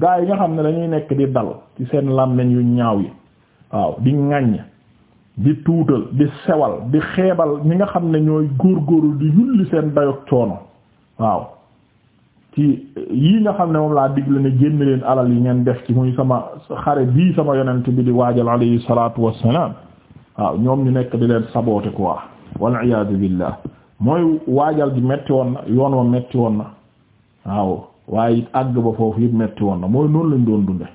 gaa yi nga xam ne dañuy nekk di dal ci seen làmmiñ yu ñaaw yi waaw di ŋàññ di tuutal di sewal di xeebal ñi nga xam ne ñooy góorgóorlu di yulli seen dayok coono waaw ci yii nga xam ne moom laa digle ne génn leen alal yi ngeen def ci muy sama xare bii sama yonent bi di waajal alayhi salaatu wassalaam waaw ñoom ñu nekk di leen saboote quoi wal iyaadu billah mooy waajal di metti woon na yoon wa metti woon na waaw waaye it àgg ba foofu it metti woon na mooy noonu lañu doon dunde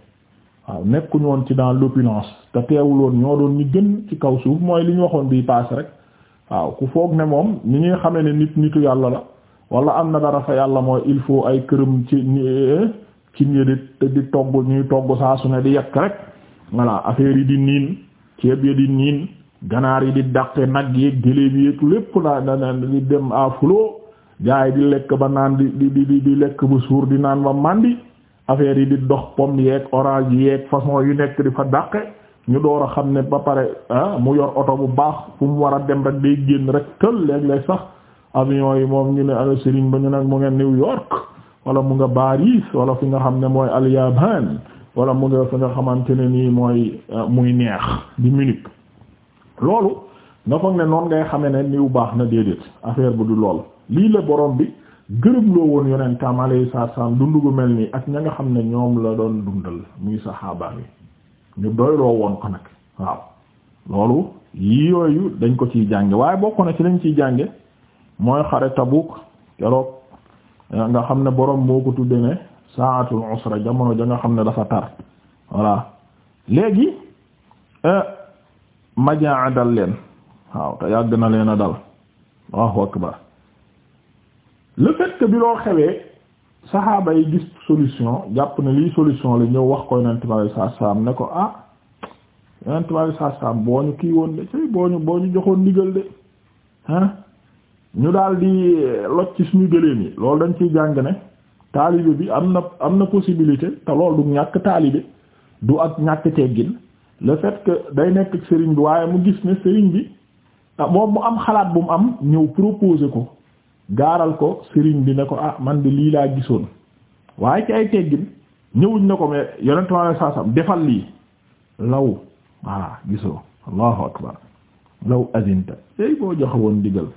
waaw nekkuñu woon ci dans l'opulence te teewul woon ñoo doon ñu gën ci kaw suuf mooy li ñuy waxoon bii paas rek waaw ku foog ne moom ni ñuy xamee ne nit nitu yàlla la wala am na dara fa yàlla mooy il faut ay këram ci eh, ci njëriñ te di togg ñuy togg saa su ne di yekk rek voilà affaire yi di niin ceeb yi di niin ganaar yi di daq nag yi gëléem lépp na na di dem à flot gaay di lekk ba naan di di di di lekk ba suur di naan ba màndi affaire yi di dox pomme yeeg orange yeeg façon yu nekk di fa dàqe ñu door a xam ne ba pare ah mu yor oto bu baax fu mu war a dem rek day génn rek tël léeg-léeg sax avion yi moom ñu ne ala Serigne ba ñu ne mu ngeen New York wala mu nga Paris wala fi nga xam ne mooy al Yaban wala mu nga fi nga xamante ne nii mooy ah, muy neex di Munich loolu nga foog ne noonu ngay xamee ne nii bu baax na déedéet affaire bu du lool lii la boroom bi gërëm loo woon yonentam alayhi salaam dund gu mel nii ak ña nga xam ne ñoom la doon dundal muy saxaabaan yi ñu doyloo woon ko nag waaw loolu yooyu dañ ko ciy jànge waaye bokk na ci lañ ciy jànge mooy xare Tabuk keroog eh, nga xam ne boroom moo ko tudde ne saatul usra jamono ja nga xam ne dafa tar voilà léegi eh, majaa dal leen waaw te yàgg na leen a dal Allahu akbar le fait bi loo xewee saxaaba yi gis solution jàpp na lii solution la ñëw wax ko yonent bi alayhi salaatu salaam ne ko ah yonent bi alayhi boo ñu kii woon de ci boo ñu boo ñu joxoon ndigal de ah ñu daal di eh, loj ci suñu gëléem yi loolu dañ ci jàng ne taalibe bi am na am na possibilité te loolu du ñàkk taalibe du ak ñàkk teggin le fait que day nekk sëriñ bi waaye mu gis ne sëriñ bi ah, moom mu am xalaat bu mu am ñëw proposer ko gaaral ko sëriñ bi ne ko ah man de lii laa gisoon waaye ci ay teggin ñëwuñ na ko mais yonentu Yàlla saa sam defal lii law voilà gisoo allahu akbar law azinta eey boo joxe woon digal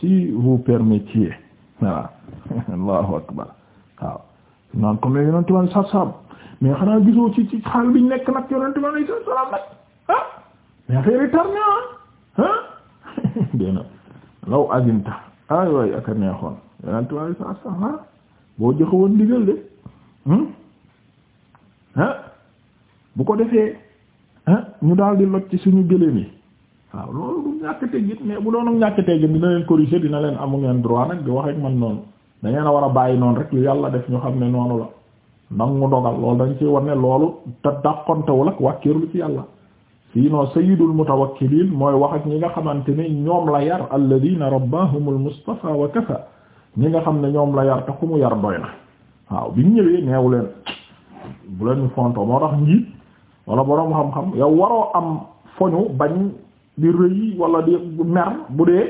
si vous permettiez voilà allahu akbar waaw naan ko mais yonentu Yàlla saa sam mais xanaa gisoo ci ci xaal biñ nekk nag yonentu Yàlla saa sam nag ah mais affaire yi tar na ah ah law azinta ah yooyu ak a neexoon yeneen tubaab boo joxe woon ndigal de ah bu ko defee ah ñu daal di lot ci suñu gëléem yi waaw loolu du ñàkk teggit mais bu doon ñàkk teggit dina leen corriger dina leen amu ngeen droit nag di wax ak man noonu da ngeen a war a bàyyi noonu rek lu yàlla def ñu xam ne noonu la ndax mu dogal loolu dañ ci war ne loolu te dàqontewul ak wàkkiirlu ci yàlla. sinon sayyidul mutawakkilin mooy wax ak ñi nga xamante ne ñoom la yar alladina rabbahumul mustafa wa kafa ñi nga xam ne ñoom la yar te ku mu yar doy na waaw bi ñu ñëwee neewu leen bu leen fonto moo tax njiit wala boroom xam-xam yow waroo am foñu bañ di rëy wala di mer bu dee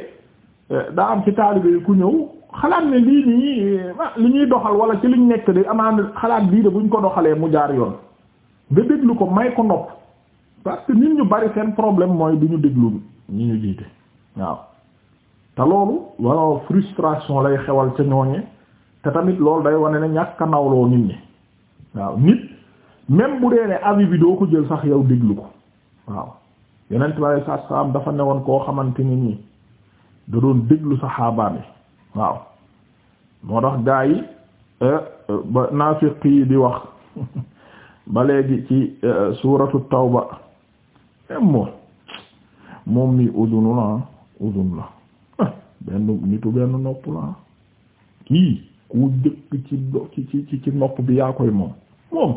eh, daa am ci taalibe ku ñëw xalaat ne lii nii ah, li ñuy doxal wala ci liñ nekk de amaan xalaat bii de buñ ko doxalee mu jaar yoon nga déglu ko may ko nopp parce nit ñu bari seen problème mooy du ñu déglu ñi ñu jiite waaw te loolu wala frustration lay xewal ca ñooñe te tamit loolu day wane ne ñàkk nawloo nit ñi waaw nit même bu dee ne avis bi doo ko jël sax yow déglu ko waaw yeneen tubaab yi sax saam dafa newoon koo xamante nit ñi da doon déglu saxaabaam yi waaw moo tax gaa yi eh, eh, ba naafiq yi di wax ba léegi ci eh, suuratu taw ba moom moom mi udunu la udun la ah, benn nitu benn nopp la kii ku jëkk ci nopp bi yaa koy moom moom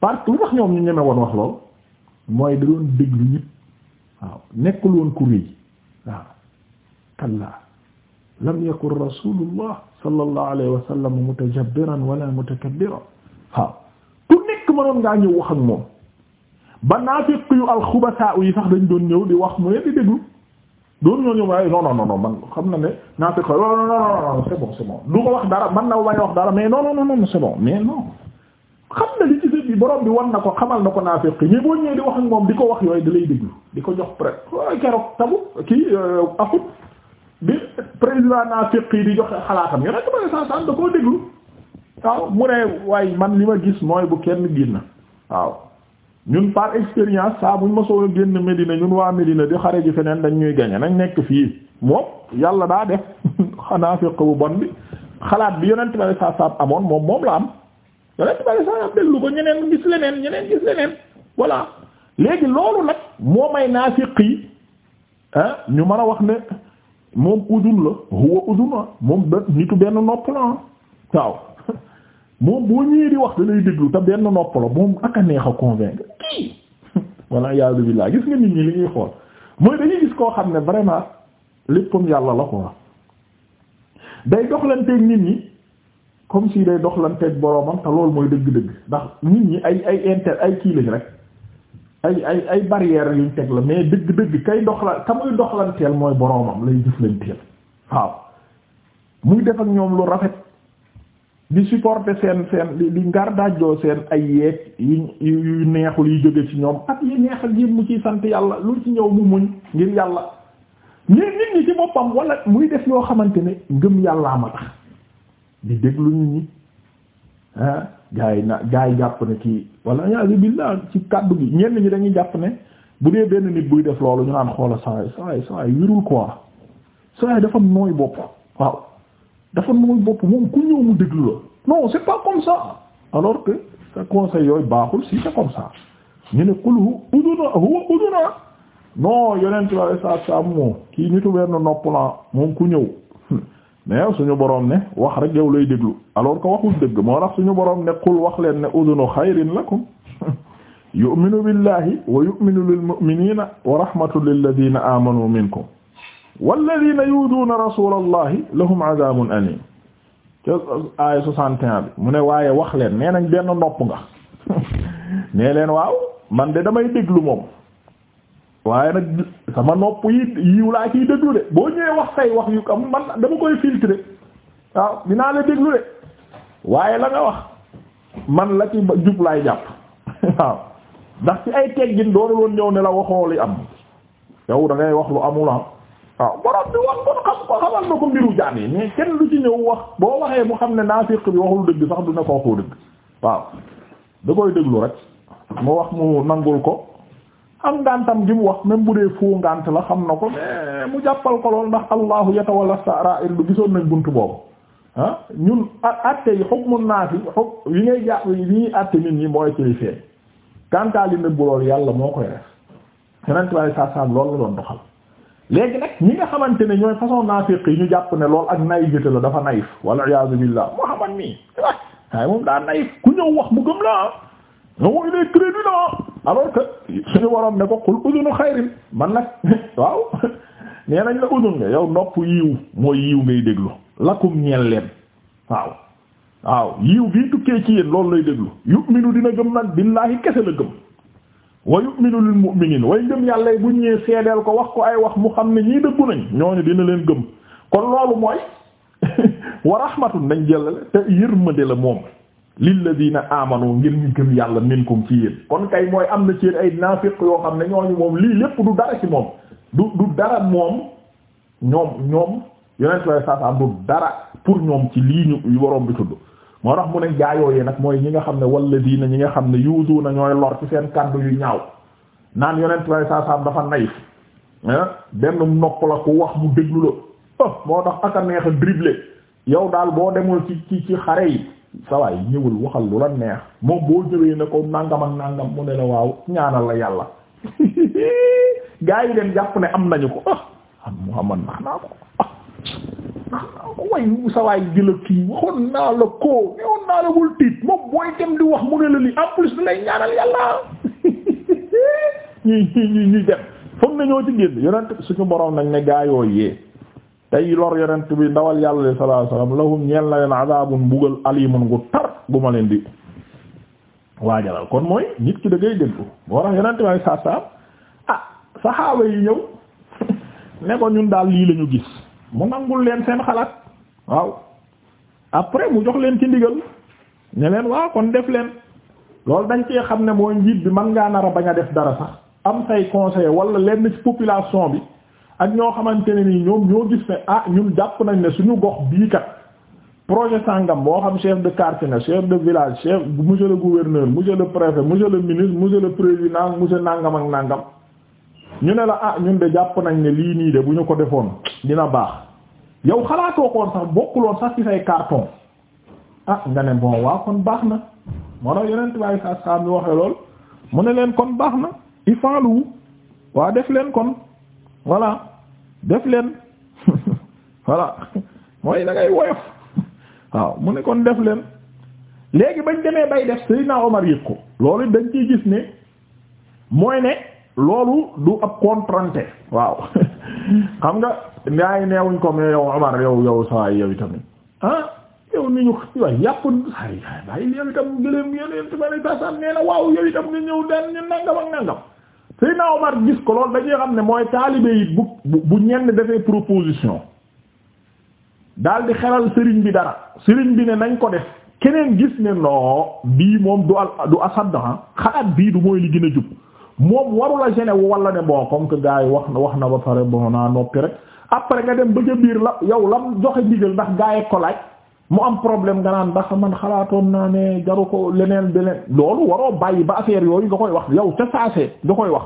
parce que lu tax ñoom ñu ñeme woon wax lool mooy da doon ñépp waaw nekkul woon ku rëy waaw kallaa lam yakun rasulullah sallallahu alayhi wa sallam mutajabbiran wala waaw ku nekk mënoon ngaa ñëw wax ak moom ba naafiq yu alxubasaa yi sax dañ doon ñëw di wax mu ne di déglu doon ñoo ñëw waaye non non non man xam na ne naafiq non non non c'est bon du ko wax dara man na bañ a wax dara mais non non non c'est bon mais non xam na li ci sëñ bi borom bi wan na ko xamal na ko naafiq ñi boo ñëwee di wax ak moom di ko wax yooyu da lay déglu di ko jox pré keroog tabu kii akut bi président naafiq yi di jox xalaatam yore ba saa saa da koo déglu waaw waaye man li ma gis mooy bu kenn génn waaw. ñun par expérience saa ma mosoo génn Medina ñun waa Medina di xare ji feneen dañ ñuy gañe nañ nekk fii moom yàlla daa def xanaa féq bu bon bi xalaat bi yonent bari saa saab amoon moom moom la am yonent bari saa saab dellu ko ñeneen gis leneen ñeneen gis leneen voilà léegi loolu nag moo may naafiq yi ñu mën a wax ne moom udun la huwa udun moom da nitu benn nopp la waaw moom boo ñëwee di wax da lay déglu te benn nopp moom ak a neex a convaincre kii walla yàlla bi laa gis nga nit ñi li ñuy xool mooy dañuy gis koo xam ne vraiment léppam yàlla la quoi day doxalanteeg nit ñi comme si day doxalanteeg boroomam te loolu mooy dëgg-dëgg ndax nit ñi ay ay inter ay kii lañ rek ay ay ay barrière yuñ teg la mais dëgg-dëgg kay doxla ka muy doxalanteel mooy boroomam lay jëflanteel waaw muy def ak ñoom lu rafet. di supporter seen seen di ngar dajjoo seen ay yeeg yu neexul yu jóge ci ñoom at yi neexal yi mu ci sant yàlla lu ci ñëw mu muñ ngir yàlla mais nit ñi ci boppam wala muy def yoo xamante ne ngëm yàllaa ma tax di déglu nit ñi ah gaa yi na gaa yi jàpp ne kii wala yaasu billah ci kàddu gi ñenn ñi dañuy jàpp ne bu dee benn nit buy def loolu ñu naan xoola saay saay saay wirul quoi saay dafa nooy bopp waaw dafa mooy bopp moom ku ñëw mu déglu la non c'est pas comme ça alors que sa yooyu baaxul si c'est comme ça ñu ne qul uduna huwa uduna non yeneen ci wàllu saab saabu moom kii nitu weer na noppalan moom ku ñëw mais suñu borom ne wax rek yow lay déglu alors que waxul dëgg moo tax suñu borom ne qul wax leen ne udunu xayrin lakum yu'minu billahi wa yu'minu lil mu'minina wa rahmatu lil ladina amanu minkum walladina yuduuna rasulallahi lahum azabun alim ca aaya soixante et bi mu ne waaye wax leen nee nañ benn nopp nga nee leen waaw man de damay déglu moom waaye nag sama nopp yi yiw laa ciy déglu de boo ñëwee wax say wax yu am man dama koy filtrer waaw dinaa la déglu de waaye la nga wax man la ci jublaay jàpp waaw ndax ci ay teggin doonu loon ñëw ne la waxoo li am yow da wax lu amul waaw borom bi wax kon xam ko xamal na ko mbiru jaam yi mais kenn lu ci ñëw wax boo waxee mu xam ne naafiq bi waxul dëgg sax du ne ko waxul dëgg waaw da koy déglu rek mu wax mu nangul ko am ngantam gi mu wax même bu dee fu ngant la xam na ko mais mu jàppal ko lool ndax allahu yatawalla sarair lu gisoon nañ buntu boobu ah ñun atte yi hukmun naafi hukm yi ngay jàpp yi ñuy atte nit ñi mooy ciy feeñ gantaali nëbb loolu yàlla moo koy def yeneen tubaab la doon doxal. léegi nag ñi nga xamante ne ñooy façon naafiq yi ñu jàpp ne lool ak naïveté la dafa naïf walla iyaazu billah Muhammad mi waaye moom daa naïf ku ñëw wax mu gëm laa ah non il est crédit la alors que suñu waroon ne ko xul udunu xayrin man nag waaw nee nañ la udun nga yow nopp yiw mooy yiw ngay déglu lakum ñeel leen waaw waaw yiw bii tukkee ci yéen loolu lay déglu yu'minu dina gëm nag billaahi kese la gëm wa yu'minu lil mu'minin way ngëm yàlla yi buñ ñëwee seedeel ko wax ko ay wax mu xam ne ñii dëggu ñoo ñooñu dina leen gëm kon loolu mooy wa nañ dañ jëlale te yërmande la moom lii la lilladina amanu ngir ñu gëm yàlla koom ci yéen kon kay mooy am na ci yéen ay naafiq yoo xam ne ñooñu moom lii lépp du dara ci moom du du dara moom ñoom ñoom yonent way saasaam du dara pour ñoom ci lii ñu borom bi tudd moo tax mu ne gaayooyee nag mooy ñi nga xam ne walla diina ñi nga xam ne yuutu na ñooy lor ci seen kàddu yu ñaaw naan yonent way saasaam dafa nayif benn nopp la ku wax mu déglu la oh, moo tax aka neex a dribble yow daal boo demul ci ci ci xare yi sawaay ñëwul waxal lu la neex moom boo jëwee ne ko nàngam ak nàngam mu ne la waaw ñaanal la yàlla gaa yi dem jàpp ne am nañu ko ah am Muhammad naa ko oh. way sa waay jëla kii waxoon naa la ko ñëwoon naa la bul tiit moom booy dem di wax mu ne la li en plus bi lay ñaanal yàlla ñuy ñuy ñuy dem foog na ci génn yonent suñu borom nag ne gaayoo yee tey lor yonent bi ndawal yàlla li sallallahu alayhi wasallam lahum ñeel na leen adabun bugal alimun gu tar gu ma leen di waajalal kon mooy nit ki da ngay déglu moo yonent bi ay saab saab ah saxaaba yi ñëw ne ko ñun daal lii lañu gis mu nangul leen seen xalaat waaw après mu jox leen ci ndigal ne leen waaw kon def leen loolu dañ cee xam ne mooy njiit bi mën ngaa nar bañ a def dara sax am say conseil wala lenn ci population bi ak ñoo xamante ne nii ñoom ñoo gis ne ah ñun jàpp nañ ne suñu gox bii kat projet sàngam boo xam chef de quartier na chef de village chef monsieur le gouverneur monsieur le mu monsieur le ministre monsieur le président monsieur nangam ak nangam ñu ne la ah ñun de jàpp nañ ne lii nii de bu ñu ko defoon dina baax yow xalaatoo koon sax bokkuloon sax ci say carton ah nga ne bon waaw kon baax na moo yeneen tubaab yi saa saa mi lool mu ne leen kon baax na ifaalu waa def leen kon voilà def leen voilà mooy da ngay woyof waaw mu ne kon def leen léegi bañ demee bay def Seydina Omar yëg ko loolu dañ ciy gis ni mooy ne. loolu du ab contrainte waaw xam nga ngaa yi neewuñ ko mais yow Omar yow yow sawaay yow itamit ah yow ni ñu waay yàpp saay saay waaw yow itam ñëw daan ñu nangam ak nangam sëy naa Omar gis ko loolu dañuy xam ne mooy taalibe yi bu bu ñenn defee proposition dal di xelal sëriñ bi dara sëriñ bi ne nañ ko def keneen gis ne noo bii moom du al du asaddahan xalaat bii du mooy li gën a jub moom warula gene wu wala ne bon comme que gars yi wax na wax na ba pare bon naa noppi rek après nga dem bëgg biir la yow lam joxe ndigal ndax gars yi ko laaj mu am problème nga naan ndax man xalaatoon naa ne jaru ko leneen beneen loolu waroo bàyyi ba affaire yooyu nga koy wax yow ca saasee nga koy wax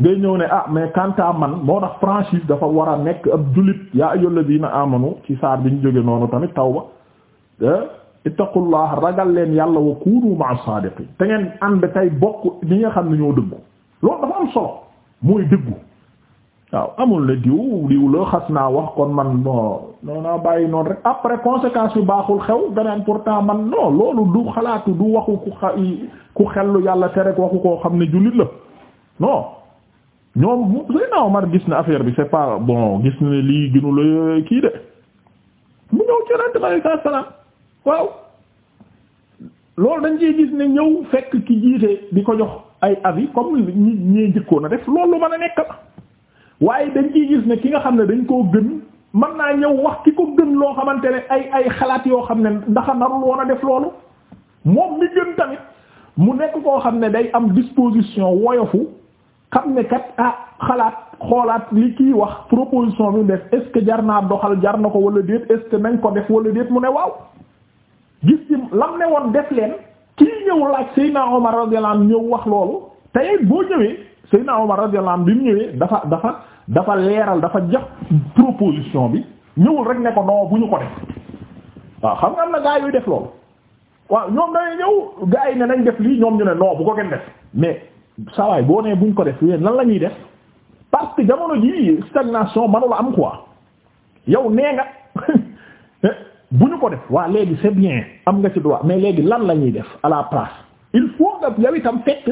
ngay ñëw ne ah mais quant à man moo tax franchise dafa war a nekk ab jullit yaa ayyul ladina amanu ci saar bi ñu jóge noonu tamit tawba eh, ittaqullah ragal leen wa kunu ma'as sadiqin te ngeen ànd kay bokk ñi nga xam ne ñoo dëggu loolu dafa am solo mooy dëggu waaw amul la diw diw la xas naa wax kon man non naa bàyyi noonu rek après conséquence yu baaxul xew ganaan pourtant man non loolu du xalaatu du waxu ku xa ku xellu yàlla te rek waxu koo xam ne jullit la non ñoom Seydina Omar gis na affaire bi c'est pas gis na ne la kii de waaw loolu dañ ciy gis ne ñëw fekk ki jiite di ko jox ay avis comme ñi ñee jëkkoon a def loolu mën a nekk waaye dañ ciy gis ne ki nga xam ne dañ koo gën man naa ñëw wax ki ko gën loo xamante ne ay ay xalaat yoo xam ne ndax narul woon a def loolu moom mi gën tamit mu nekk koo xam ne day am disposition woyofu xam ne kat ah xalaat xoolaat li kiy wax proposition bi def est-ce que jar naa doxal jar na ko wala déet est nañ ko def wala déet mu ne waaw gis ci lam ne woon def leen. kii ñëw laaj Seydina Omar radiyallahu anhu ñëw wax loolu tey boo ñëwee Seydina Omar radiyallahu anhu bi mu ñëwee dafa dafa dafa leeral dafa jax proposition bi ñëwul rek ne ko non bu ñu ko def waaw xam nga am na gaa yooyu def loolu waaw ñoom dañuy ñëw gaa yi ne nañ def lii ñoom ñu ne non bu ko gën def mais sawaay boo nee bu ko def yéen lan la ñuy def parce que jamono ji stagnation manula am quoi yow nee nga bu ñu ko def waa léegi c'est bien am nga ci droit mais léegi lan la ñuy def à la place il faut nga yow itam fekk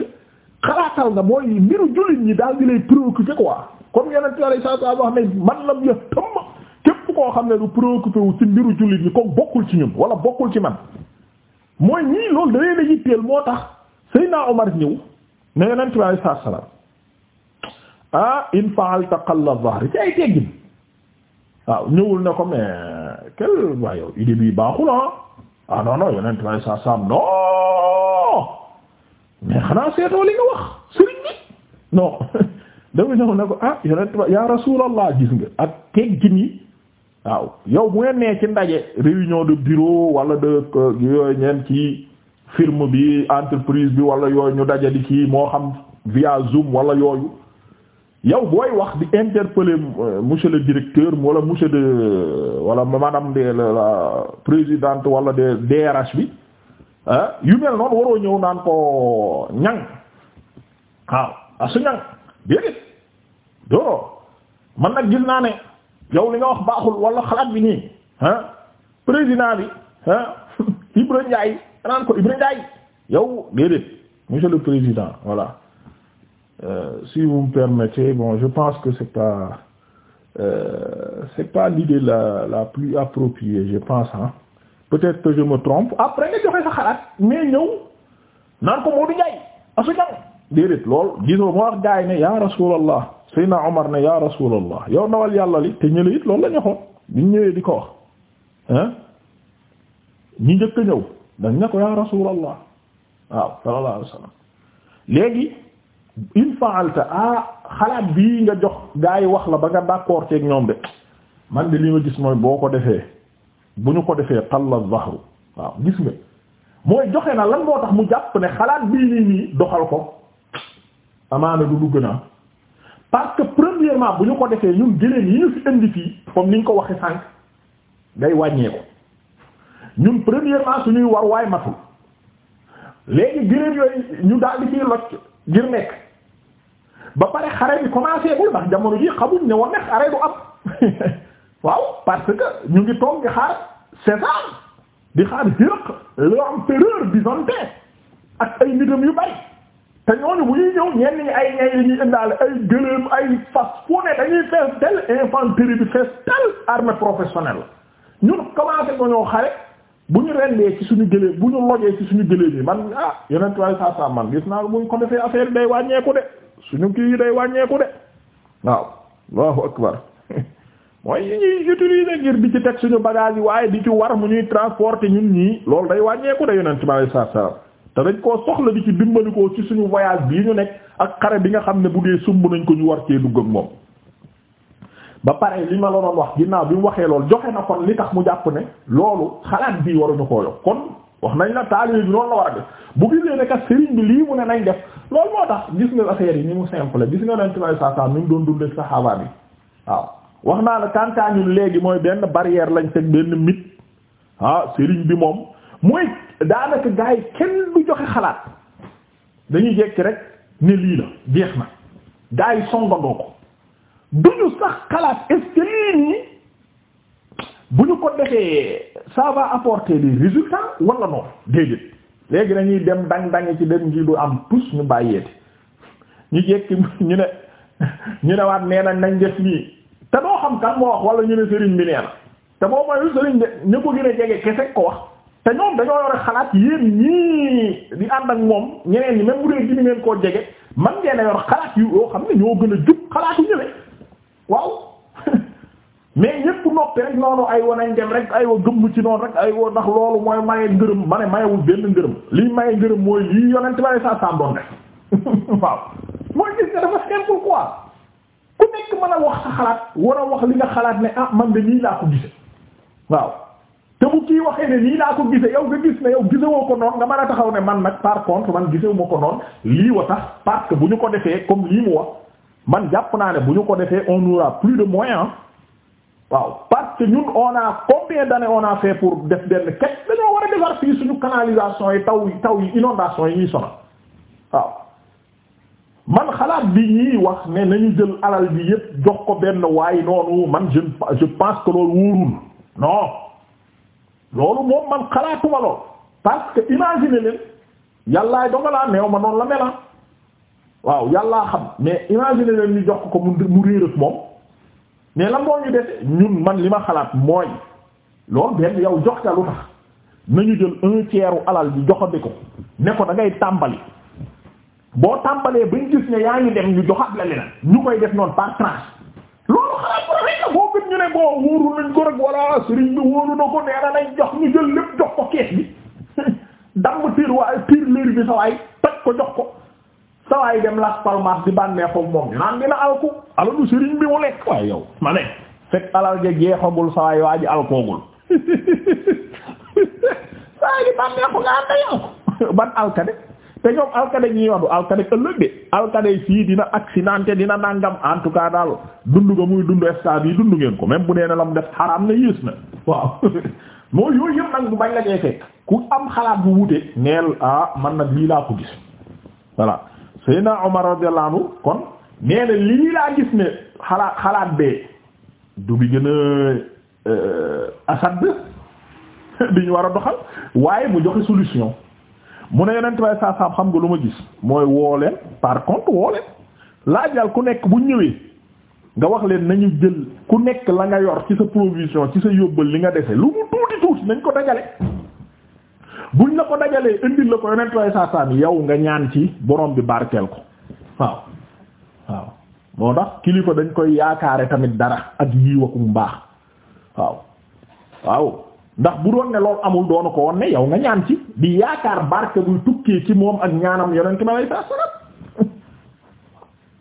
xalaatal nga mooy mbiru jullit ñi daal di lay préoccuper quoi comme yeneen ci wàllu saa wax ne man la mu tëmm képp koo xam ne lu préoccupé wu ci mbiru jullit ñi kooku bokkul ci ñun wala bokkul ci man mooy ñii loolu da leen yitteel moo tax Seydina Omar ñëw ne yeneen ci wàllu saa salaam ah in fa'alta qalla dhahri ci ay teggin waaw ñëwul ne ko mais. quel waa yow idée bi baaxul ah ah non non yeneen saa saam non xanaa seetoo li nga wax sëriñ bi non dama ñëw ne ko ah yeneen tubaab yaa rasulallah gis nga ak teggin yi waaw yow bu ngeen ci ndaje réunion de bureau wala de yooyu ñeen ci firme bi entreprise bi wala yooyu ñu daje di kii moo xam via zoom wala yooyu. yow booy wax di interpeller euh, monsieur le directeur wala monsieur de euh, wala madame de la présidente wala de DRH bi yu mel noonu waroo ñëw naan ko ñang waaw asu ñang déedéet doo man nag gis naa ne yow li nga wax baaxul wala xalaat bi nii ah président bi ah Ibrahima Ndiaye naan ko Ibrahima Ndiaye yow déedéet monsieur le président voilà Euh, si vous me permettez bon je pense que c'est pas euh, c'est pas l'idée la la plus appropriée je pense hein peut-être que je me trompe après nga joxe sa xalaat mais ñëw naan ko Modou Ndiaye asu jam déedéet lool gisoo mo wax gaay ne ya rasulallah Seydina Omar ne ya rasulallah yow nawal yàlla li te ñële it loolu la ñu xoon ñëwee di ko wax hein ñi njëkk ñëw dañ ne ko ya rasulallah waaw sallallahu alayhi wasallam léegi in fa'alta ah xalaat bii nga jox gaa yi wax la ba nga d'accord ceeg ñoom de man de li ma gis mooy boo ko defee bu ñu ko defee talla zahru waaw gis nga mooy joxe na lan boo tax mu jàpp ne xalaat bii nii nii doxal ko amaana du dugg naa parce que premièrement bu ñu ko defee ñun gëléen yi ñu fi indi fii comme ni ko waxe sànq day wàññeeku ñun premièrement suñuy war waay matul léegi gëléen yooyu ñu daal di ciy ngir nekk ba pare xare bi commencé bu ndax jamono ji xamuñ ne woon ne xare du am waaw parce que ñu ngi toog di xaar César di xaar Hiraq l'empereur byzantin ak ay nitam yu bari te ñooñu bu ñuy ñëw ñenn ñi ay ñay li indaale ay gëléem ay fas fu ne dañuy fees infanterie bi fees tel armée professionnelle ñun commencé ko ñoo xare bu ñu rendee ci suñu gëléem bu ñu lojee ci suñu gëléem yi man ah yeneen tuwaayu saa saa man gis naa bu ñu ko defee affaire day wàññeeku de suñu kii day wàññeeku de waaw allahu akbar mooy yi ñuy utiliser ngir di ci teg suñu bagage yi waaye di ci war mu ñuy transporter ñun ñii lool day wàññeeku de yonent bi alayhi salaatu salaam te dañ koo soxla di ci dimbalikoo ci suñu voyage bii ñu nekk ak xare bi nga xam ne bu dee sumb nañ ko ñu war cee dugg ak moom ba pare li ma la wax ginnaaw bi mu waxee lool joxe na kon li tax mu jàpp ne loolu xalaat bii waruñu koo yokk kon wax nañ la taalibe bi noonu kat sëriñ bi def loolu moo tax gis nga affaire yi ni mu simple gis nga leen tubaab saa saa ni mu doon dundee saxaaba bi waaw wax naa la tant ñun léegi mooy benn barrière lañ teg benn mit ah sëriñ bi moom mooy daanaka gaa yi kenn du joxe xalaat dañuy jekki rek ne lii la jeex na gaa yi songandoo ko duñu sax xalaat est bu ñu ko defee ça va apporter des walla wala non léegi dañuy dem dang-dang ci dem gi du am tus ñu bàyyeeti ñu jekki ñu ne ñu ne waat nee nañ nañ def lii te doo xam kan moo wax wala ñu ne sëriñ bi nee na te boo mooy sëriñ de ñu ko gën a jege kese ko wax te ñoom dañoo yore xalaat yéen ñii di ànd ak moom ñeneen ñi même bu dee gini ngeen koo jege man ngeen a yor xalaat yu yoo xam ne ñoo gën a jub xalaatu ñëwee waaw mais ñépp noppi rek noonu ay wa nañ dem rek ay wa gëmm ci noonu rek ay wa ndax loolu mooy maye ngërëm ma ne mayewul benn ngërëm liy maye ngërëm mooy lii yonent ma ne saa saam doon waaw mooy gis nga dafa simple quoi ku nekk mën a wax sa xalaat war a wax li nga xalaat ne ah man de nii laa ko gise waaw te bu kii waxee ne nii laa ko gise yow nga gis ne yow gisewoo ko noonu nga man a taxaw ne man nag par contre man gisewuma ko noonu lii wa tax parce bu ñu ko defee comme lii mu man jàpp naa ne bu ñu ko defee on aura plus waaw parce que ñun on a combien d'années on a pour def benn ket dañoo war a defar fii suñu canalisation yi taw yi taw yi inondation yi ñuy sonal waaw man xalaat bi ñuy wax ne nañu jël alal bi yépp jox ko benn waaye noonu man je je pense que loolu wóorul non loolu moom man xalaatuma lool parce que imagine leen yàllaay dogalaa neew ma noonu la mela ah waaw yàllaa xam mais imagine leen ñu jox ko mu mu réer ak moom mais la moo ñu dese ñun man li ma xalaat mooy loolu benn yow jox ca lu tax nañu jël un tiers u alal bi joxandi ko ne ko da tàmbali boo tàmbalee bañ gis ne yaa ngi dem ñu joxaat la leneen ñu koy def noonu par tranche loolu xalaat bu rafet boo gën ñu ne boo wóoru nañ ko rek walla sëriñ bi wóoru na ko nee na nañ jox ñu jël lépp jox ko kees bi damm tiir waa tiir léer bi sa waay ko jox ko sawaay dem Las Palmas di bànnee moom naan dina alku alalu sëriñ bi mu lekk waaye yow ma ne fekk alal ja jeexagul sawaay waa alkoogul sawaay di bànnee nga am na yow te ñoom alkade ñuy wax du alkade ëllëg dina accidenté dina nangam en tout cas daal dund nga muy dund stade yi dund ngeen ko même bu nee na la def xaraam na na waaw moo yooyu yëpp nag bu bañ la dee fekk ku am xalaat bu wute neel ah man nag lii laa ko gis voilà Seydina Omar radiyallahu anhu kon nee na lii laa gis ne xalaat xalaat bee du bi gën a euh, asad bi ñu war a doxal waaye mu joxe solution mu ne yonent bay saasaam xam nga lu ma gis mooy woo leen par contre woo leen laajal ku nekk bu ñëwee nga wax leen nañu jël ku nekk la nga yor ci sa provision ci sa yóbbal li nga dese lu mu tuuti tuuti nañ ko dajale buñ la ko dajalee indil la ko yonent way saasaam yow nga ñaan ci borom bi barkeel ko waaw waaw moo tax kilifa dañ koy yaakaare tamit dara ak yiw ak mbaax waaw waaw ndax bu doon ne loolu amul doonu ko woon ne yow nga ñaan ci di yaakaar barke buy tukkee ci moom ak ñaanam yonent bi alay saasaam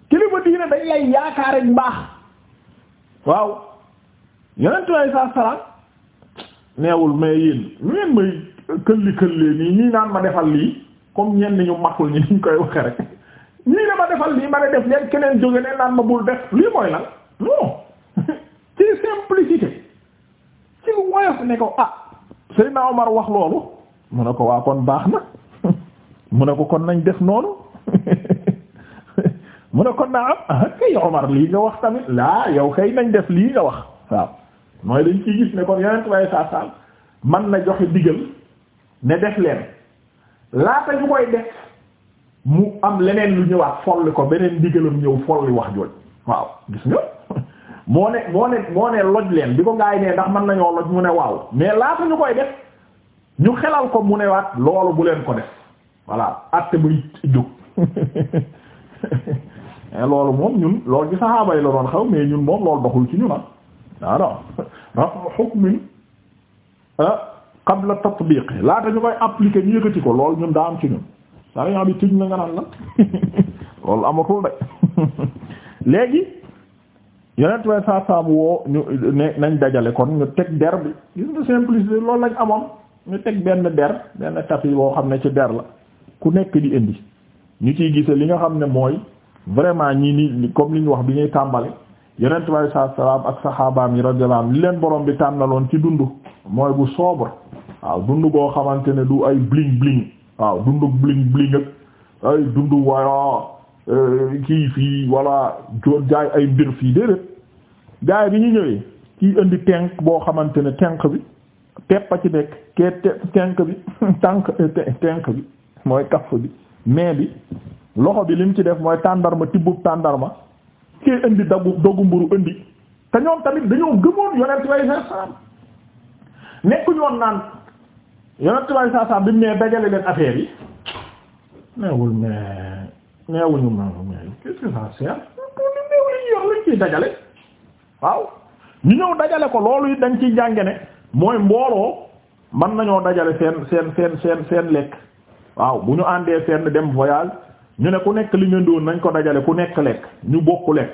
kilifa diine dañ lay yaakaar mbaax waaw yonent bi alay saasaam neewul mais yéen may këlli këllee nii ñuy naan ma defal lii comme ñenn ñu maxul ñi ñu koy waxe rek ñii ne ma defal lii ma ne def leen keneen jóge ne naan ma bul def lii mooy lan ah wax loolu mu ne ko waa kon baax na mu ne ko kon nañ def noonu mu ne kon naa am ah kay Omar lii nga wax tamit laa yow kay nañ def lii nga wax waaw mooy dañ ciy gis ne kon yeneen tubaab yi man na joxe digal ne def leen laata ñu koy def mu am leneen lu ñëwaat folli ko beneen digalam ñëw folli wax jooj waaw gis nga moo ne moo ne moo ne loj leen bi ko gaa yi ne ndax mën nañoo loj mu ne waaw mais laata ñu koy def ñu xelal ko mu newaat loolu bu leen ko def voilà atte buy jóg loolu moom ñun loolu ci saxaaba yi la doon xaw mais ñun moom loolu doxul ci ñun ah non non hukm ah qabla tatbiq laata ñu koy appliquer ñu yëkkati ko lool ñun daa am ci ñun daa ñoo bi tuñ na nga naan la loolu amatul de léegi yonent way saa saabu woo ñu ne nañ dajale kon ñu teg der bi gis nga simplicité loolu lañ amoon ñu teg benn der benn tapis woo xam ne ci der la ku nekk di indi ñu ciy gise li nga xam ne mooy vraiment ñi ni comme li ñu wax bi ñuy tàmbale yonent way saa salaam ak saxaabaam yi radiyallahu anhum li leen borom bi tànnaloon ci dund mooy bu sobre waaw dundu goo xamante ne du ay bling bling waaw dundu bling bling ak ay dundu wala euh, kii fii wala joon jaay ay mbir fii déedéet gaay bi ñu ñëwee kii indi tenk boo xamante ne tenk bi a ci nekk kee tenk bi tànk tenk bi mooy kaff bi mais bi loxo bi lim ci def mooy tàndarma tibbub tàndarma kee indi dagu dogu mburu indi te ñoom tamit dañoo gëmoon yonent way sa salam nekkuñoon naan yonent bi saa saa bi mu nee dajale leen affaire yi neewul mais neewuñu ma mais qu'est-ce que ça sert neewul liñ yor lañ ciy dajale waaw ñu ñëw dajale ko loolu it dañ ciy jànge ne mooy mbooloo mën nañoo dajale seen seen seen seen seen lekk waaw bu ñu àndee fenn dem voyage ñu ne ku nekk li ñu doon nañ ko dajale ku nekk lekk ñu bokk lekk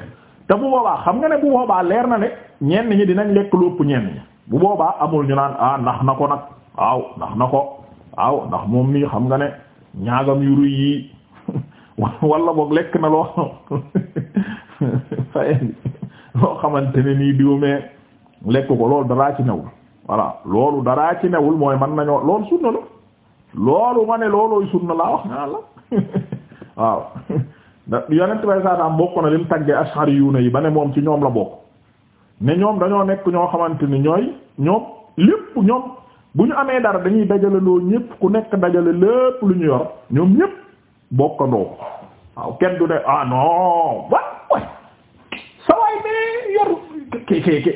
te bu boobaa xam nga ne bu boobaa leer na ne ñenn ñi dinañ lekk lu ëpp ñenn ñi bu boobaa amul ñu naan ah na ko nag. waaw ndax na ko aw ndax moom mii xam nga ne ñaagam yuru yi wala boog lekk na loo fayen xamante ne nii diwumee lekk ko loolu daraa ci newul voilà loolu daraa ci newul mooy man nañoo loolu sunna la loolu ma ne loolooy sunna laa wax naa la waaw da yonent bay saataam bokk na lim tagge ashari yu yi ba ne moom ci ñoom la bokk ne ñoom dañoo nekk ñoo xamante ni ñooy ñoom lépp ñoom bu ñu amee dara dañuy dajalaloo ñépp ku nekk dajale lépp lu ñu yor ñoom ñépp bokkandoo waaw kenn du ne ah non wa way sa waay yor ke ke ke ke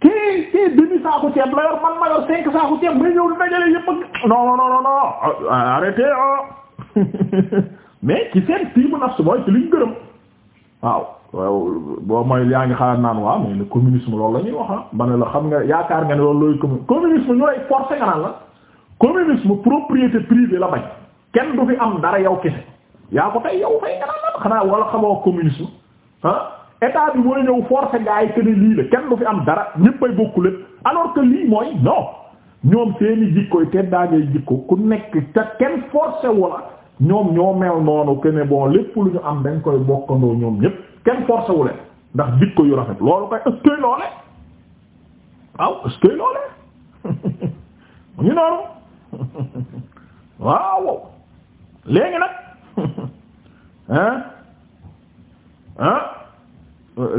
ke ke demi saako ceeb la yor man ma yor cinq saako ceeb nga ñëw dajale yépp ak non non non non arrêté ah mais ci seen tiimu nafs mooy ci luñ waaw waaw boo mooy yaa ngi xalaat naan waa mais le communisme loolu la ñuy wax ah. ma ne la xam nga yaakaar nga ne loolu looy communisme communisme ñu lay forcer nga naan la communisme propriété privée la bañ kenn du fi am dara yow kese yaa ko tey yow xanaa wala xamoo communisme ah état bi mooy ñëw forcer gars yi que lii la kenn du fi am dara ñëppay bokku lépp alors que lii mooy non ñoom seeni jikko te daa ngay jikko ku nekk te kenn forcer wala ñoom ñoo mel noonu que ne lépp lu ñu am dañ koy bokkandoo ñoom ñëpp. kenn forcé wu leen ndax jikko yu rafet loolu koy est-ce que loole waaw est loole mu ngi noonu waaw léegi nag hein hein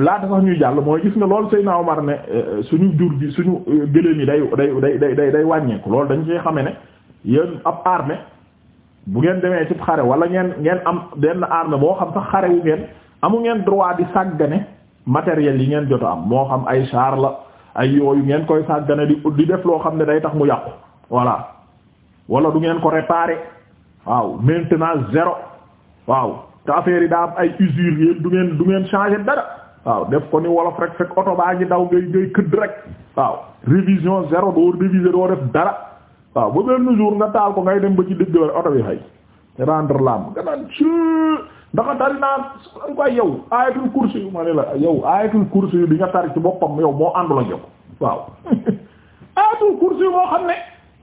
laata sax ñuy jàll mooy gis nga loolu Seydina Omar ne euh, suñu jur gi suñu euh, gëléem yi day day day day day wàññeeku lool dañ ci xame ne yéen ab arme bu ngeen demee si xare wala ngeen ngeen am benn armée boo xam sax xare wu ngeen amu ngeen droit di sàggane matériel yi ngeen jot am moo xam ay char la ay yooyu ngeen koy sàggane di di def loo xam ne day tax mu yàqu voilà wala du ngeen ko réparer waaw maintenance zéro waaw te affaire yi daa am ay usure yéen du ngeen du ngeen changer dara waaw def ko ni wolof rek fekk oto baa ngi daw ngay ngay këdd rek waaw révision zéro doo réviser doo def dara waaw ba benn jour nga taal ko ngay dem ba ci digg oto bi fay rendre l'âme nga naan ndaxa dari naa suñ koy yow ayatul kursi yu ma ne la yow ayatul kursi yu bi nga ci boppam yow moo àndul ak yow waaw ayatul kursi yu moo xam ne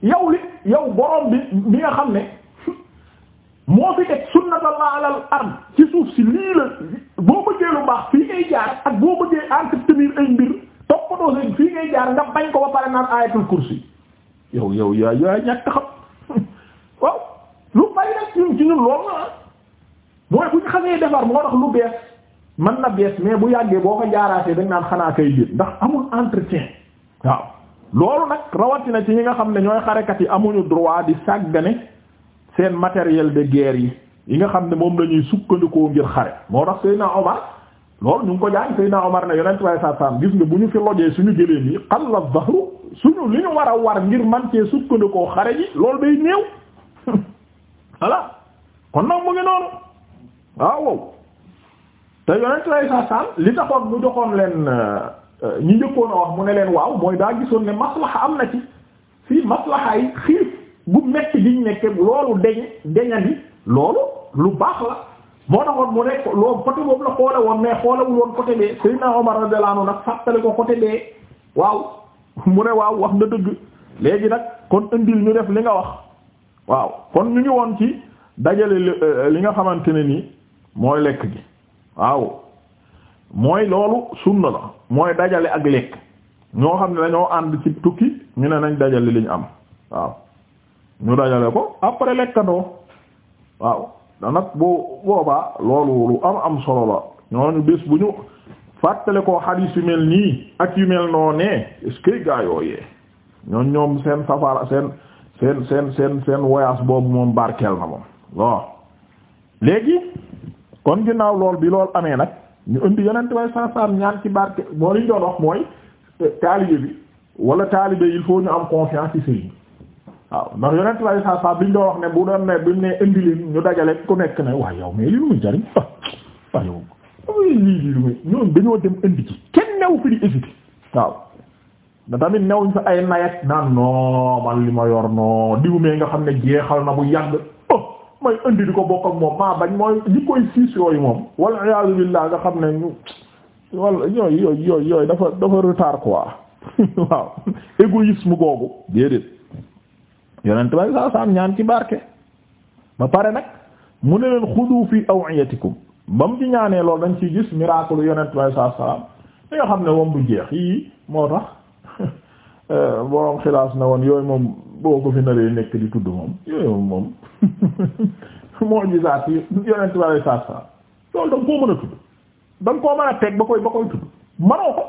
yow li yow borom bi bi nga xam ne moo fi teg sunnatullah ala ci suuf si lii la boo bëggee lu baax fii ngay jaar ak boo bëggee entretenir ay mbir toppatoo seen fii ngay jaar nga bañ ko ba pare naan ayatul kursi yow yow yaa yaa ñàkk xam waaw lu bari nag ñun ci ñun loolu la mooy bu ñu xamee defar moo tax lu bees man na bees mais bu yàggee boo ko jaaraatee dañ naan xanaa kay biir ndax amul entretien waaw loolu nag rawatina ci ñi nga xam ne ñooy xarekat yi amuñu droit di sàggane seen matériel de guerre yi yi nga xam ne moom lañuy ñuy sukkandikoo ngir xare moo tax Seydina Omar loolu ñu ngi ko jaay Seydina Omar na yonent way sa sam gis nga bu ñu fi lojee suñu gëléem yi xal la zahru suñu li ñu war a war ngir man cee sukkandikoo xare ji loolu day néew Ah, waaw te yonent lay saa saam li taxoon mu joxoon leen euh, ñi njëkkoon a wax mu ne leen waaw mooy daa gisoon ne maslaxa am na ci fii maslaxa yi xiif bu metti liñ nekke loolu deñ deñandi loolu lu baax la moo taxoon mu nekk loolu côté boobu la xoole woon mais xoolewul woon côté bee Seydina Omar radiyallahu anhu nag fàttali ko côté bee waaw mu ne waaw wax nga dëgg léegi nag kon indil ñu def li nga wax waaw kon ñu ngi woon ci dajale li euh, nga xamante ne nii mooy lekk gi waaw mooy loolu sunna la mooy dajale ak lekk ñoo xam ne dañoo ànd ci tukki ñu ne nañ dajale li ñu am waaw ñu dajale ko après lekkandoo waaw danag boo boobaa loolu lu am am solo la ñooñu bés bu ñu fàttale koo xadiis yu mel nii ak yu mel noo nee est gaa yooyee ñoon ñoom seen safara seen seen seen seen seen voyage boobu moom barkeel na moom waaw léegi kon ginnaaw lool bi lool amee nag ñu indi yonent bay saa saa ñaan ci barke moo liñ doon wax mooy euh, taalibe bi wala taalibe il faut ñu am confiance ci sëriñ waaw ndax yonent bay saa saa biñ doon wax ne bu doon ne buñ ne indi leen ñu dajale ku nekk ne waaye yow mais li muy jariñ ah, waaw yow lii lii muy ñoom dañoo dem indi ci kenn new fi di hésiter waaw da tamit newuñ fa ay nayet naan non li ma yor non diw mee nga xam ne jeexal na bu yàgg. koy indi di ko bokk ak moom maa bañ mooy li koy siis yooyu moom wal iyaazu billaah nga xam ne ñu wala yooyu yooyu yooyu yooyu dafa dafa retard quoi waaw égoïsme googu déedéet yonent bay saa saam ñaan ci barke ba pare nag mu ne leen xudu fi awiyatikum ba mu ci ñaanee lool dañ ci gis miracle yonent bay saa saam li nga xam ne moom bu jeex yii moo tax Eh, borom xilaas na woon yooyu moom boo ko fi naree nekk di tudd moom yooyu moom moo gisaat yi yonent koo mën a teg ba koy ba koy tudd manoo ko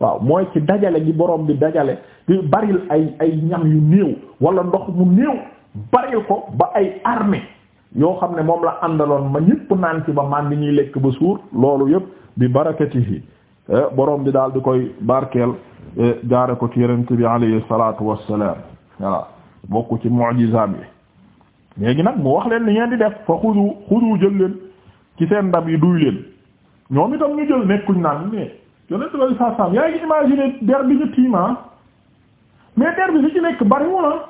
waaw mooy ci dajale gi boroom bi dajale di baril ay ay ñam yu néew wala ndox mu néew baril ko ba ay armée yoo xam ne moom la àndaloon ma ñépp naan ci ba man ñuy lekk ba suur loolu yépp bi fii Eh, borom bi daal di koy barkeel eh, jaare ko ci yonent bi alayhi salaatu wassalaam voilà bokk ci mu'jizaam bi léegi nag mu wax leen li ñeen di def fa xudu xudu jël leen ci seen ndab yi duy leen ñoom itam ñu jël nekkuñ naan mais yonent bi alayhi ngi imaginer der bi ñu tiima ah? mais der bi si ci nekk bariwul ah?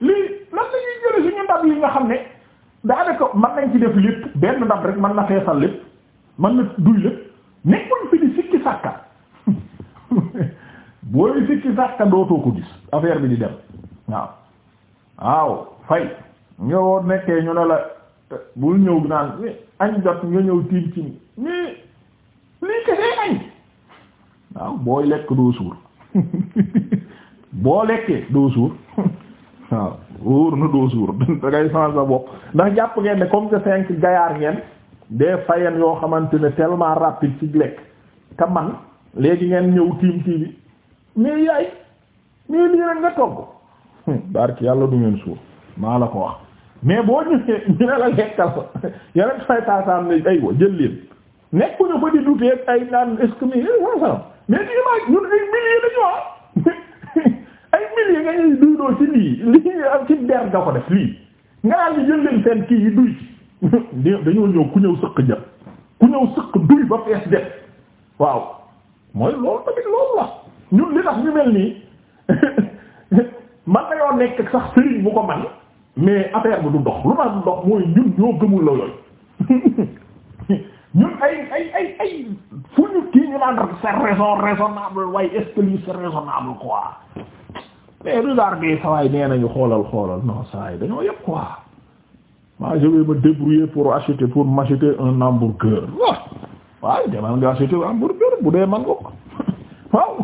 lii lan la ñuy jële suñu ndab yi nga xam ne daanaka mën nañ ci def lépp benn ndab rek mën na feesal lépp mën na duy lépp nekkuñ fi di sikki sàkka booy sikki sàkka dootoo ko gis affaire bi di dem waaw waaw fay nga nekkee ñu ne la bul ñëw naan añ jot nga ñëw tiim ci nii lii kesee añ waaw booy lekk doo suur boo lekkee doo suur waaw wóor na doo suur da ngay bopp ndax jàpp ngeen ne comme que cinq gayaar ngeen des fayen yoo xamante ne tellement rapide ci lekk te man léegi ngeen ñëw tiim kii bi mais yaay mais lii rek nga togg hmm, barki yàlla du ngeen suur maa la ko wax mais boo ñëwee ñu ne la lekkal yeneen fay taataan ne aywa jël leen nekkuñu fa di dutee ay naan est-ce que mi wasalam mais diima ñun ay milliers la ñu wax ah. ay milliers nga ñuy duy doo ci lii lii ci der nga ko def lii nga daal jël leen seen kii yi duy dañoo ñëw ku ñëw sëq jëm ku ñëw sëq duy ba fees def waaw mooy loolu tamit loolu la ñun li tax ñu mel nii man dañoo nekk sax sëriñ bu ko man mais affaire bi du dox lu tax du dox mooy ñun ñoo gëmul la yooyu ñun ay ay ay ay fu ñu kii ñu naan c'est raison raisonnable waaye est-ce que lii c'est raisonnable quoi mais sawaay nee nañu xoolal xoolal non sawaay dañoo yëpp quoi maa je vais me débrouiller pour acheter pour m'acheter un hamburger waaw waaw demal nga acheter un hamburger bu dee man ko waaw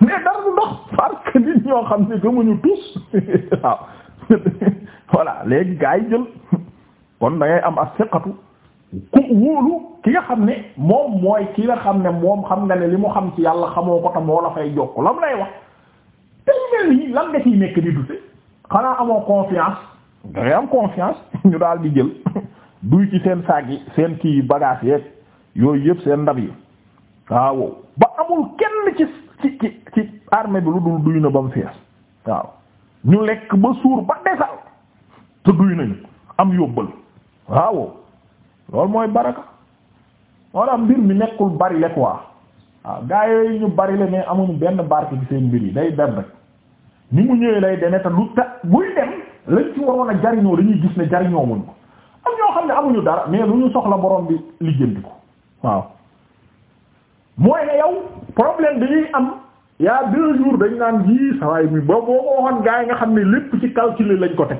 mais dara du dox parce que ñoo xam ne gëmuñu tous léegi gaa yi jël kon am ak ki nga xam ne moom mooy kii nga xam ne moom xam nga ne li mu xam ci yàlla xamoo ko tam moo la fay jokk lam lay wax te mel nii lan nga ciy nekk di dute xanaa amoo confiance da am confiance ñu daal jël duy ci seen saag yi seen kii bagage yeeg yooyu yëpp seen ndab yi waaw ba amul kenn ci ci ci ci bi lu dul duy na ba mu fees waaw ñu lekk ba suur ba desal te duy nañu am yóbbal waaw loolu mooy baraka moo tax mbir mi nekkul bari le quoi waaw gaa yooyu ñu bari le mais amuñu benn barke ci seen mbir yi day dem ni mu ñëwee lay deme te lu ta buy dem lañ ci waroon a jariñoo dañuy gis ne jariñoo muñ ko am ñoo xam ne amuñu dara mais lu ñu soxla borom bi lijjanti ko waaw mooy ne yow problème bi ñuy am yaa deux jours dañ naan ji sawaay mi ba boo ko waxoon gaa yi nga xam ne lépp ci calcul lañ ko teg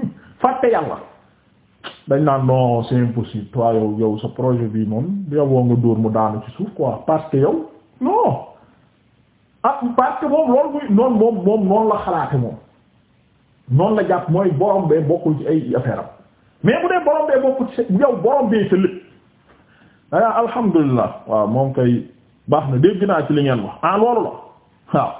fàtte yàlla dañ naan non c'est impossible toi yow yow sa projet bi moom yow nga dóor mu daanu ci suuf quoi parce que yow non ah parce moom loolu muy noonu moom moom noonu la xalaate moom noonu la jàpp mooy borom bee bokkul ci ay affaire am mais bu dee borom bee bokkul ci yow borom bee sa ah alhamdulilah waaw moom kay baax na dégg naa ci li ngeen wax ah loolu la waaw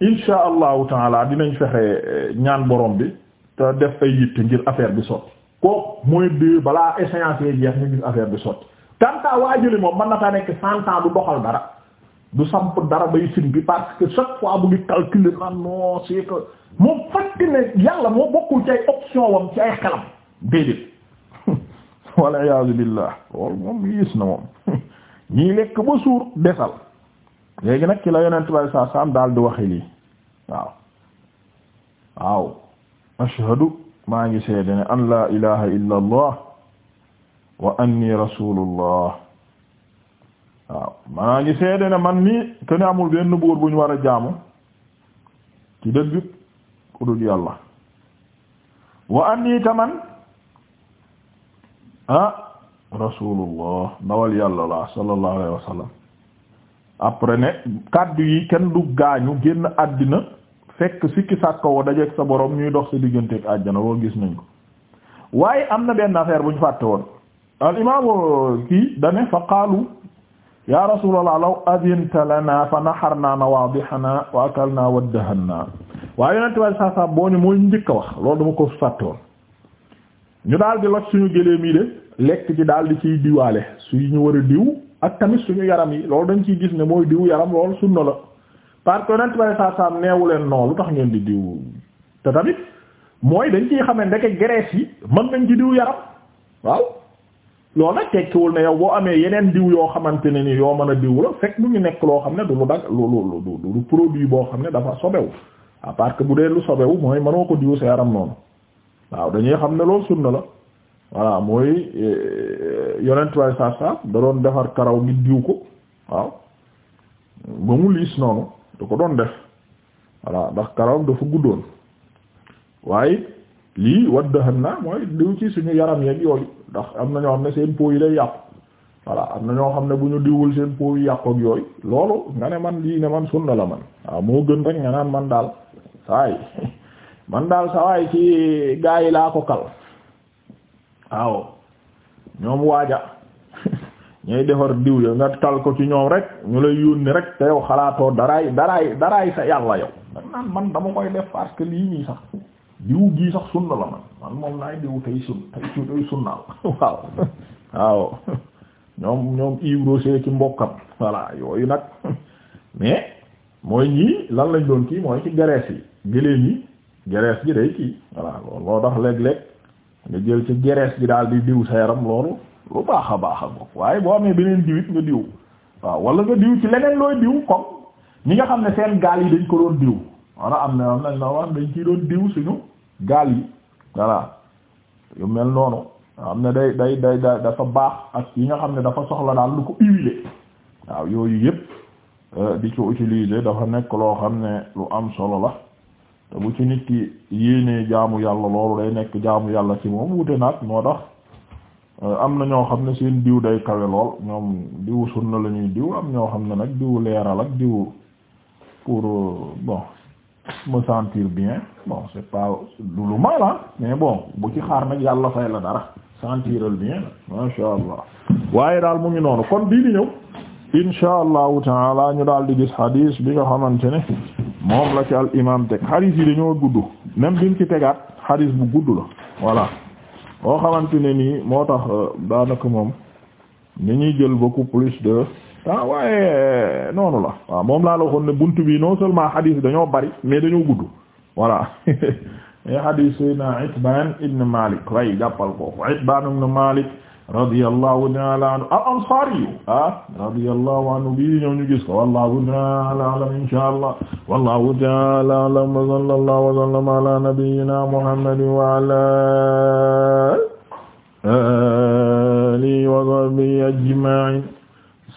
insha allahu taala dinañ fexe eh, ñaan borom bi te def ay yitte ngir affaire bi sotti kooku mooy de balaa échéance yi jeex ñu gis affaire bi sotti tant que waa moom mën na faa nekk cent ans du doxal dara. du samp dara bay sin bi parce que chaque fois bu ngi calculer naan non c'est que moom fàtte ne moo bokkul ci ay option wam ci ay xelam déedéet waliyasu billah loolu moom gis na moom ñii lekk ba suur desal léegi nag ci la yonent saa saam daal di waxe lii waaw waaw ashhadu maa ngi seede ne an la ilaha illa allah wa anni rasulullah waaw maa ngi seede ne man nii que amul benn buur bu ñu war a jaamu ci dëgg ku dul yàlla wa anni taman ah rasulullah ndawal yàlla la sallallahu alayhi wa sallam après ne kaddu yi kenn du gaañu génn àddina fekk sikki sàkka woo dajeek sa borom ñuy dox sa digganteek àjjana loolu gis nañ ko waaye am na benn affaire bu ñu fàtte woon al imaamu kii dane fa qaalu yaa rasulallah law adinta lana fa naharna nawadihana wa akalna waddahanna waaye yonent bi saa saa boo ñu mooy njëkk a wax loolu dama ko fàtte woon ñu daal di loj suñu gëléem yi de lekk ci daal di ciy diwaale suñu war a diw ak tamit suñu yaram yi loolu dañ ciy gis ne mooy diw yaram loolu sunna la parce que yonent bi saa saa neewu leen noonu lu tax ngeen di diw te tamit mooy dañ ciy xam ne ndeke graisse yi mën nañ ci diw yaram waaw. loolu nag tekkiwul ne yow boo amee yeneen diw yoo xamante ne ni yoo mën a diw la fekk mu ngi nekk loo xam ne du lu dag lu lu lu produit boo xam ne dafa sobewu à part que bu dee lu sobewu mooy mënoo ko diw sa yaram noonu waaw dañuy xam ne loolu sunna la voilà mooy euh, euh, yonent way saab da doon defar karaw gi diw ko waaw ba mu liis noonu du ko doon def voilà ndax karaw dafa guddoon waaye lii waddahan na mooy diw ci suñu yaram yeeg yooyu ndax am na ñoo xam ne seen po yi day yàqu voilà am na ñoo xam ne bu ñu diwul seen po yi yàqu ak yooyu loolu nga ne man lii ne man sunna la man waaw moo gën rek nga naan man daal saay man daal sawaay ci gaa yi laa ko kal waaw ñoom waaja ñooy defar diw ya nga tal ko ci ñoom rek ñu lay yónni rek te yow xalaatoo daraay daraay daraay sa yàlla yow da naan man dama koy def parce que lii nii sax diw gii sax sunna la man man moom laay diw tey sun tey tey sunnaal waaw waaw ñoom ñoom ivrosee ci mbokkam voilà yooyu nag mais mooy ñii lan lañ doon kii mooy ci garees yi gëléem yi gerees gi day kii voilà loolu loo tax léeg-léeg nga jël ci gerees gi daal di diw sa yaram loolu lu baax a baax a bopp waaye boo amee beneen diw it nga diw waaw wala nga diw ci leneen looy diw comme ñi nga xam ne seen gaal yi dañ ko doon diw wala am na am nañ la wax dañ ciy doon diw suñu gaal yi voilà yu mel noonu am na day day day da dafa baax ak yi nga xam ne dafa soxla daal lu ko huiler waaw yooyu yëpp euh, di ko utiliser dafa nekk loo xam ne lu am solo la te bu ci nit ki yéenee jaamu yàlla loolu day nekk jaamu yàlla ci moom wute naat moo tax euh, am na ñoo xam ne seen diw day kawe lool ñoom diwu sunna la ñuy diw am ñoo xam ne nag diwu leeral ak diwu pour euh, bon me sentir bien bon c'est pas lu mal ah mais bon bu ci xaar nag yàlla fay la dara sentiral bien masha allah waaye daal mu ngi noonu kon bii di ñëw insha allahu taala ñu daal di gis hadis bi nga xamante ne moom la ci al imam teg hadis yi dañoo gudd même bi mu ci tegaat hadis bu gudd la voilà boo xamante ne nii moo tax euh, daanaka moom ni ñuy jël beaucoup plus de ah waaye noonu la waaw ah, moom laa la waxoon ne buntu bi non seulement hadith dañoo bari mais dañoo gudd voilà mais eh, hadith Seydina Itbaan ibn Malik way jàppal ko Itbaan ibn Malik radiyallahu ta'ala anhu al-Ansari ah radiyallahu anhu bi ñëw ñu gis ko wallahu ta'ala a'lam inshallah wallahu ta'ala a'lam wa sallallahu wa sallama ala nabiyyina Muhammadin wa ala alihi wa sahbihi ajma'in